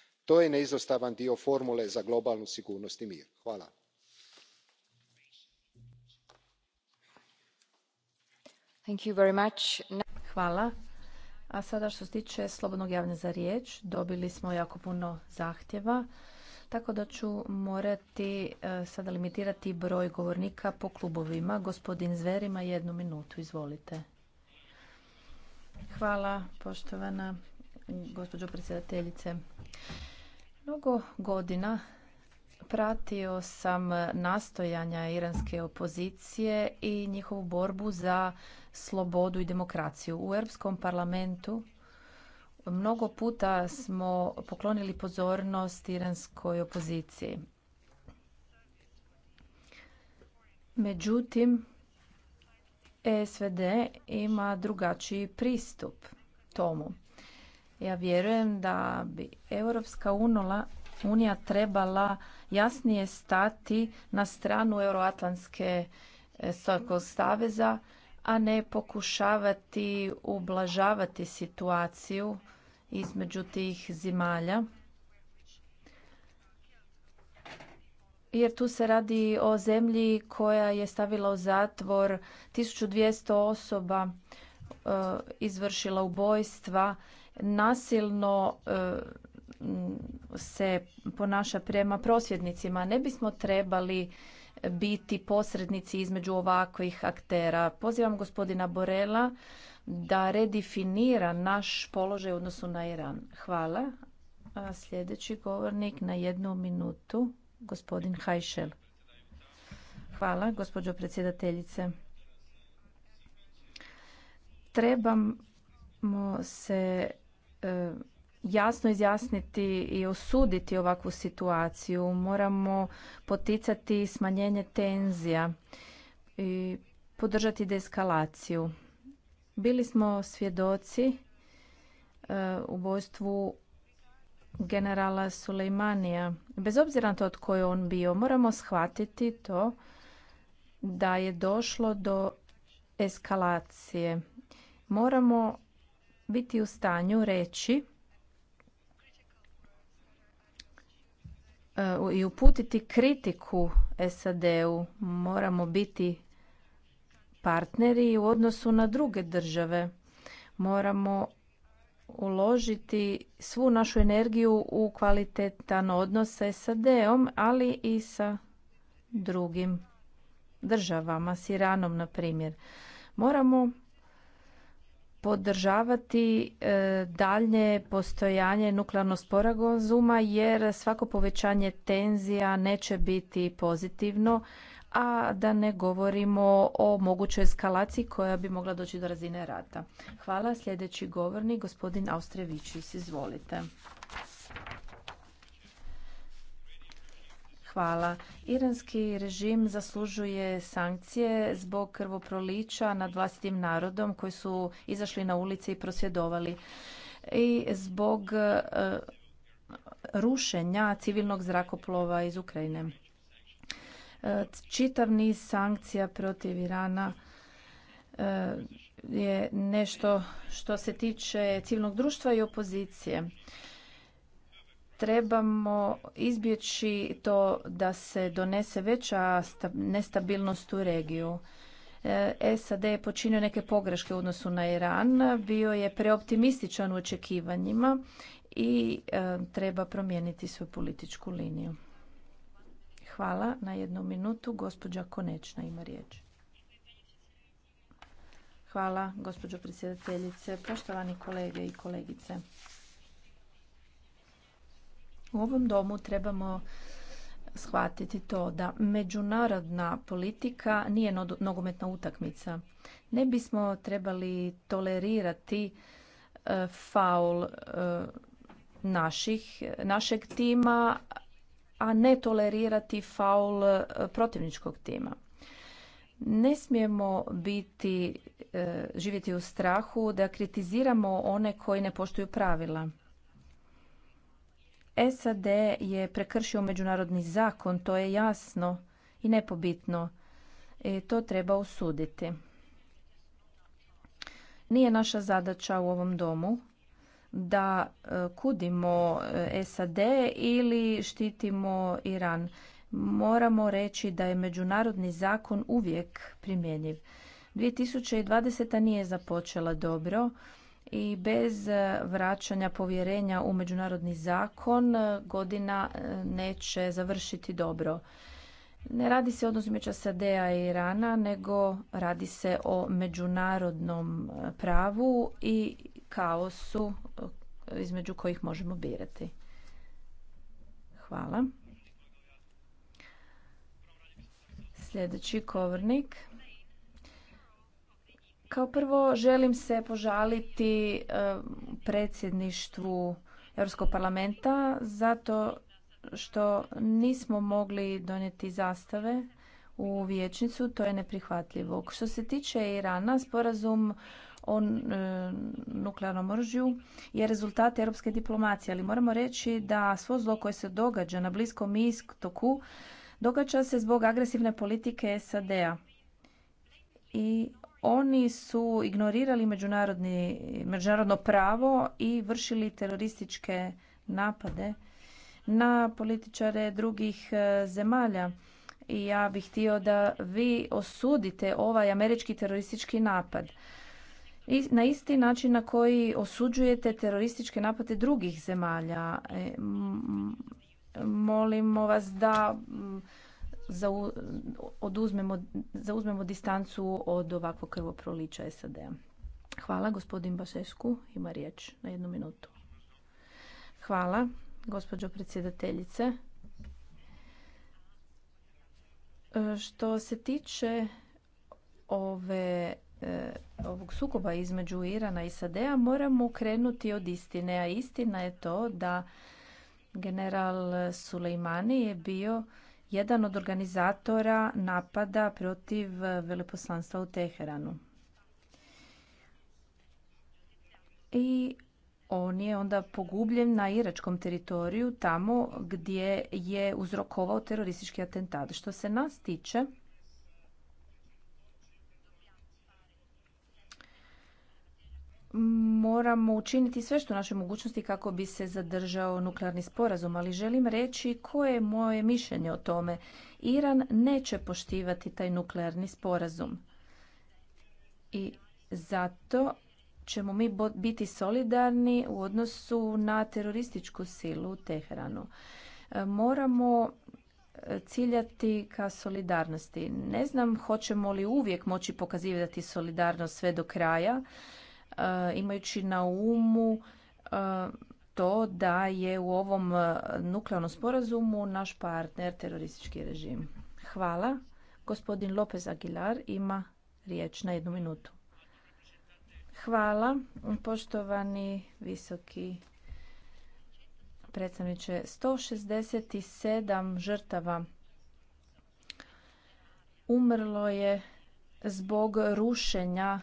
to je neizostavan dio formule za globalnu sigurnost i mir. hvala. hvala. A sada što se tiče slobodnog javne za riječ, dobili smo jako puno zahtjeva, tako da ću morati e, sada limitirati broj govornika po klubovima. Gospodin Zverima jednu minutu, izvolite. Hvala, poštovana gospođo predsjedateljice. Mnogo godina pratio sam nastojanja iranske opozicije i njihovu borbu za slobodu i demokraciju. U Europskom parlamentu mnogo puta smo poklonili pozornost iranskoj opoziciji. Međutim, e SVD ima drugačiji pristup tomu. Ja vjerujem da bi Europska unija trebala jasnije stati na stranu Euroatlantske e, saveza, a ne pokušavati ublažavati situaciju između tih zemalja. jer tu se radi o zemlji koja je stavila u zatvor 1200 osoba, e, izvršila ubojstva nasilno e, se ponaša prema prosvjednicima. Ne bismo trebali biti posrednici između ovakvih aktera. Pozivam gospodina Borela da redefinira naš položaj u odnosu na Iran. Hvala. A sljedeći govornik na jednu minutu, gospodin Hajšel. Hvala, gospođo predsjedateljice. Trebamo se jasno izjasniti i osuditi ovakvu situaciju. Moramo poticati smanjenje tenzija i podržati deeskalaciju. Bili smo svjedoci e, ubojstvu generala Sulejmanija. Bez obzira na to tko je on bio, moramo shvatiti to da je došlo do eskalacije. Moramo biti u stanju reći e, i uputiti kritiku SAD-u. Moramo biti partneri u odnosu na druge države. Moramo uložiti svu našu energiju u kvalitetan odnos sa SAD-om, ali i sa drugim državama, s Iranom na primjer. Moramo podržavati e, daljnje postojanje nuklearnog sporazuma jer svako povećanje tenzija neće biti pozitivno, a da ne govorimo o mogućoj eskalaciji koja bi mogla doći do razine rata. Hvala. Sljedeći govornik, gospodin Austrević, Izvolite. Hvala. Iranski režim zaslužuje sankcije zbog krvoprolića nad vlastitim narodom koji su izašli na ulice i prosvjedovali i zbog e, rušenja civilnog zrakoplova iz Ukrajine. E, čitav niz sankcija protiv Irana e, je nešto što se tiče civilnog društva i opozicije trebamo izbjeći to da se donese veća nestabilnost u regiju. E, SAD je počinio neke pogreške u odnosu na Iran, bio je preoptimističan u očekivanjima i e, treba promijeniti svoju političku liniju. Hvala. Na jednu minutu gospođa Konečna ima riječ. Hvala gospođo predsjedateljice, poštovani kolege i kolegice. U ovom domu trebamo shvatiti to da međunarodna politika nije nogometna utakmica. Ne bismo trebali tolerirati e, faul e, naših, našeg tima, a ne tolerirati faul e, protivničkog tima. Ne smijemo biti, živjeti u strahu da kritiziramo one koji ne poštuju pravila. SAD je prekršio međunarodni zakon, to je jasno i nepobitno. E, to treba osuditi. Nije naša zadaća u ovom domu da e, kudimo e, SAD ili štitimo Iran. Moramo reći da je međunarodni zakon uvijek primjenjiv. 2020. nije započela dobro i bez e, vraćanja povjerenja u međunarodni zakon e, godina e, neće završiti dobro. Ne radi se o odnosu SAD-a i Irana, nego radi se o međunarodnom pravu i kaosu između kojih možemo birati. Hvala. Sljedeći govornik kao prvo želim se požaliti e, predsjedništvu Europskog parlamenta zato što nismo mogli donijeti zastave u vijećnicu, to je neprihvatljivo. Što se tiče Irana, sporazum o e, nuklearnom oružju je rezultat europske diplomacije, ali moramo reći da svo zlo koje se događa na Bliskom istoku događa se zbog agresivne politike SAD-a. I oni su ignorirali međunarodno pravo i vršili terorističke napade na političare drugih e, zemalja. I ja bih htio da vi osudite ovaj američki teroristički napad. I na isti način na koji osuđujete terorističke napade drugih zemalja. E, molimo vas da oduzmemo, zauzmemo distancu od ovakvog krvoprolića SAD-a. Hvala, gospodin Bašesku ima riječ na jednu minutu. Hvala, gospođo predsjedateljice. E, što se tiče ove e, ovog sukoba između Irana i SAD-a moramo krenuti od istine, a istina je to da general Sulejmani je bio jedan od organizatora napada protiv eh, veleposlanstva u Teheranu. I on je onda pogubljen na iračkom teritoriju tamo gdje je uzrokovao teroristički atentat. Što se nas tiče, moramo učiniti sve što naše mogućnosti kako bi se zadržao nuklearni sporazum, ali želim reći koje je moje mišljenje o tome. Iran neće poštivati taj nuklearni sporazum. I zato ćemo mi biti solidarni u odnosu na terorističku silu u Teheranu. E, moramo e, ciljati ka solidarnosti. Ne znam hoćemo li uvijek moći pokazivati solidarnost sve do kraja, E, imajući na umu e, to da je u ovom e, nuklearnom sporazumu naš partner teroristički režim. Hvala. Gospodin Lopez Aguilar ima riječ na jednu minutu. Hvala, poštovani visoki predstavniče. 167 žrtava umrlo je zbog rušenja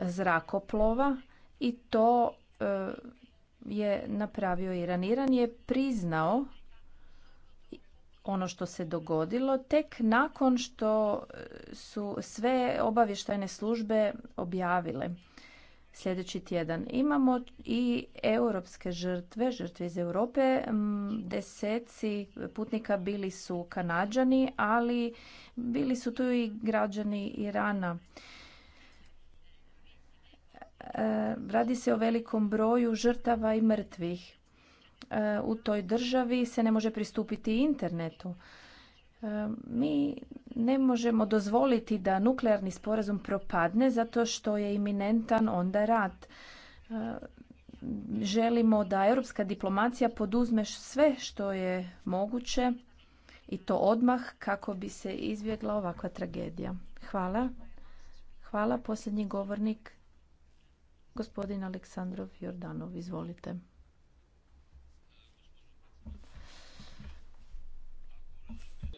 zrakoplova i to e, je napravio Iran. Iran je priznao ono što se dogodilo tek nakon što su sve obavještajne službe objavile sljedeći tjedan. Imamo i europske žrtve, žrtve iz Europe. Deseci putnika bili su kanadžani, ali bili su tu i građani Irana. E, radi se o velikom broju žrtava i mrtvih. E, u toj državi se ne može pristupiti internetu. E, mi ne možemo dozvoliti da nuklearni sporazum propadne zato što je iminentan onda rat. Želimo da europska diplomacija poduzme sve što je moguće i to odmah kako bi se izbjegla ovakva tragedija. Hvala. Hvala. Posljednji govornik Gospodin Aleksandrov Jordanov, izvolite.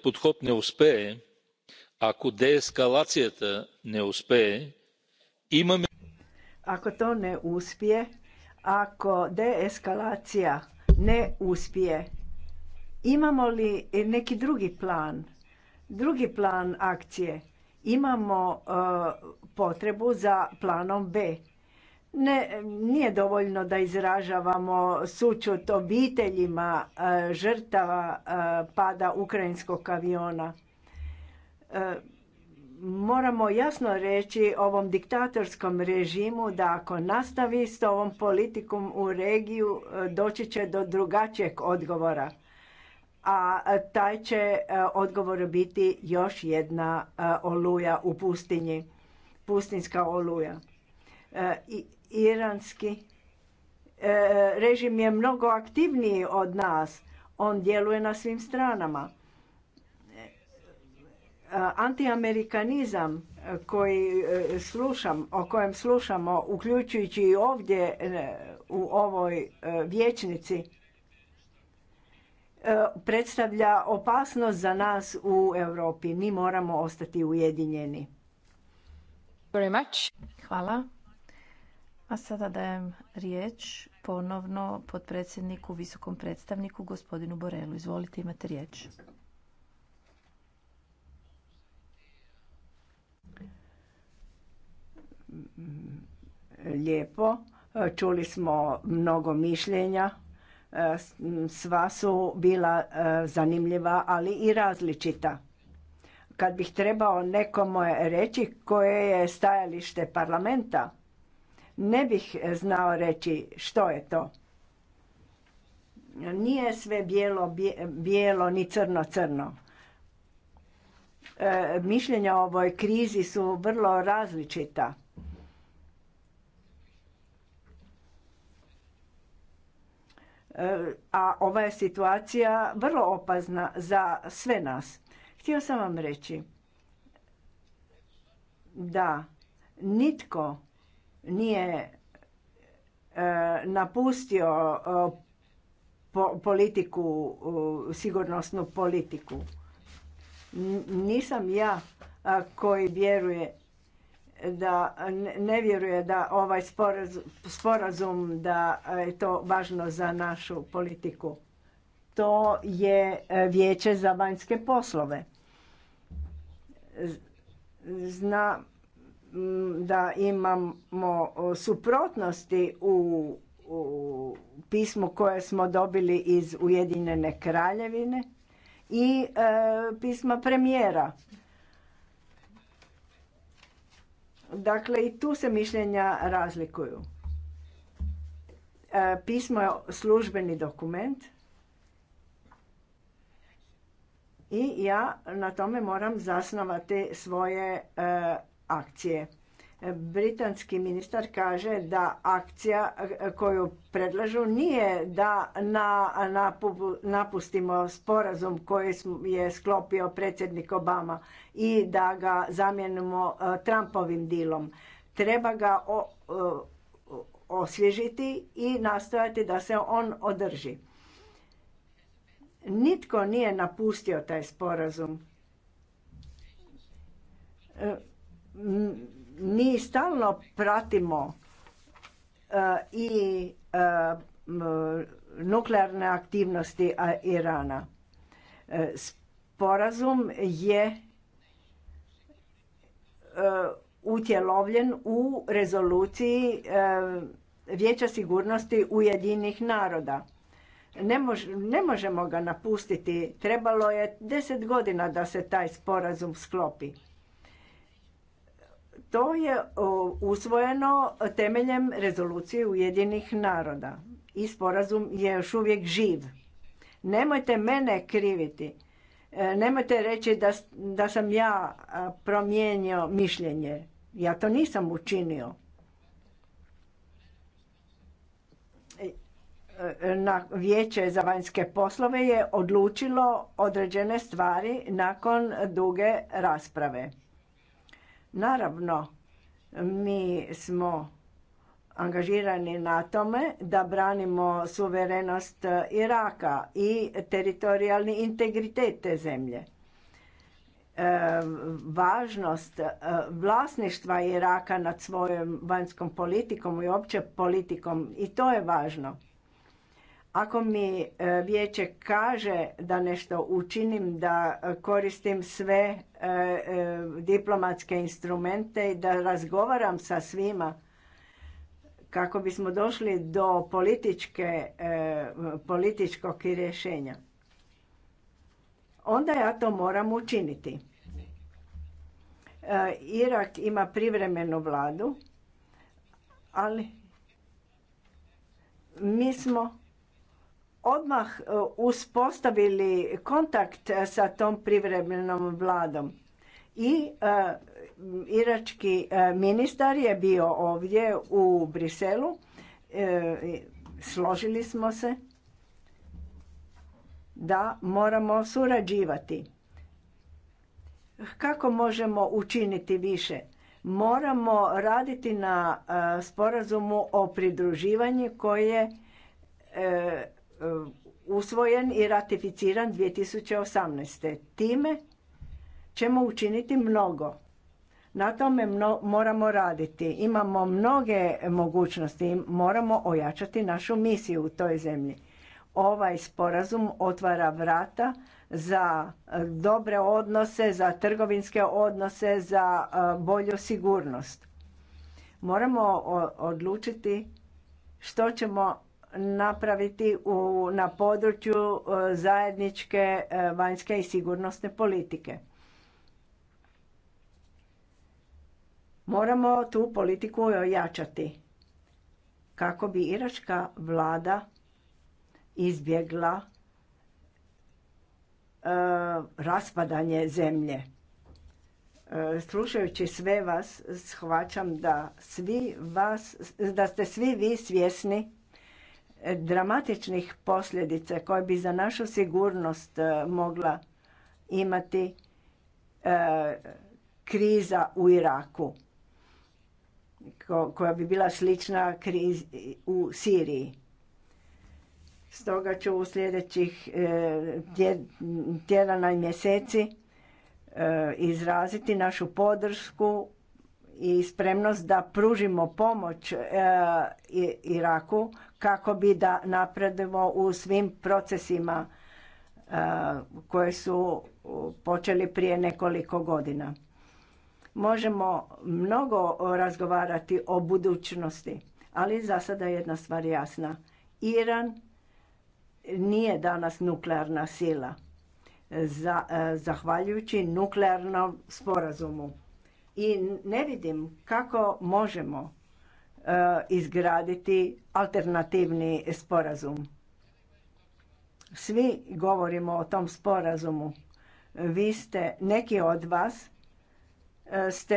Podhod ne uspeje, ako deeskalacija ne uspeje, imamo... Ako to ne uspije, ako deeskalacija ne uspije, imamo li neki drugi plan, drugi plan akcije? Imamo e, potrebu za planom B ne, nije dovoljno da izražavamo sućut obiteljima e, žrtava e, pada ukrajinskog aviona. E, moramo jasno reći ovom diktatorskom režimu da ako nastavi s ovom politikom u regiju doći će do drugačijeg odgovora. A taj će odgovor biti još jedna oluja u pustinji, pustinska oluja i iranski e, režim je mnogo aktivniji od nas. On djeluje na svim stranama. E, antiamerikanizam e, koji slušam, o kojem slušamo, uključujući i ovdje u ovoj vječnici, predstavlja opasnost za nas u Europi. Mi moramo ostati ujedinjeni. Very Hvala. A sada dajem riječ ponovno potpredsjedniku, visokom predstavniku, gospodinu Borelu. Izvolite, imate riječ. Lijepo. Čuli smo mnogo mišljenja. Sva su bila e, zanimljiva, ali i različita. Kad bih trebao nekomu reći koje je stajalište parlamenta, ne bih e, znao reći što je to. Nije sve bijelo, bijelo ni crno, crno. E, mišljenja o ovoj krizi su vrlo različita. E, a ova je situacija vrlo opazna za sve nas. Htio sam vam reći da nitko nije e, napustio e, politiku, sigurnosnu politiku. Nisam ja koji vjeruje da ne vjeruje da ovaj sporazum da e, je to važno za našu politiku. To je vijeće za vanjske poslove. Znam da imamo suprotnosti u, pismu koje smo dobili iz Ujedinjene kraljevine i e, pisma premijera. Dakle, i tu se mišljenja razlikuju. E, pismo je službeni dokument i ja na tome moram zasnovati svoje e, akcije. Britanski ministar kaže da akcija eh, koju predlažu nije da na, napustimo sporazum koji je sklopio predsjednik Obama i da ga zamijenimo eh, Trumpovim dilom. Treba ga eh, osvježiti i nastojati da se on održi. Nitko nije napustio taj sporazum mi stalno pratimo e, i e, nuklearne aktivnosti Irana. E, sporazum je utjelovljen u rezoluciji Vijeća sigurnosti Ujedinih naroda. Ne, ne možemo ga napustiti. Trebalo je deset godina da se taj sporazum sklopi. To je usvojeno temeljem rezolucije Ujedinih naroda i sporazum je još uvijek živ. Nemojte mene kriviti. E, nemojte reći da, da sam ja e, promijenio mišljenje. Ja to nisam učinio. E, na vijeće za vanjske poslove je odlučilo određene stvari nakon duge rasprave. Naravno, mi smo angažirani na tome da branimo suverenost e, Iraka i teritorijalni integritet te zemlje. E, važnost e, vlasništva Iraka nad svojom vanjskom politikom i opće politikom i to je važno. Ako mi e, vijeće kaže da nešto učinim, da koristim sve e, e, diplomatske instrumente i da razgovaram sa svima kako bismo došli do političkog rješenja, onda ja to moram učiniti. Irak ima privremenu vladu, ali mi smo odmah e, uspostavili kontakt e, sa tom privremenom vladom. I e, irački ministar je bio ovdje u Briselu. Složili smo se da moramo surađivati. Kako možemo učiniti više? Moramo raditi na sporazumu o pridruživanju koje E, usvojen i ratificiran 2018. Time ćemo učiniti mnogo. Na tome moramo raditi. Imamo mnoge mogućnosti. Moramo ojačati našu misiju u toj zemlji. Ovaj sporazum otvara vrata za e, dobre odnose, za trgovinske odnose, za e, bolju sigurnost. Moramo odlučiti što ćemo napraviti u, na području e, zajedničke e, vanjske i sigurnosne politike. Moramo tu politiku ojačati kako bi iračka vlada izbjegla e, raspadanje zemlje. slušajući sve vas shvaćam da svi vas da ste svi vi svjesni dramatičnih posljedica koje bi za našu sigurnost e, mogla imati e, kriza u Iraku koja bi bila slična krizi e, u Siriji. Stoga ću u sljedećih tjedana i mjeseci izraziti našu podršku i spremnost da pružimo pomoć e, Iraku kako bi da napredimo u svim procesima koji e, koje su počeli prije nekoliko godina. Možemo mnogo razgovarati o budućnosti, ali za sada jedna stvar jasna. Iran nije danas nuklearna sila. E, zahvaljujući nuklearnom sporazumu i ne vidim kako možemo e, izgraditi alternativni sporazum. Svi govorimo o tom sporazumu. Vi ste, neki od vas e, ste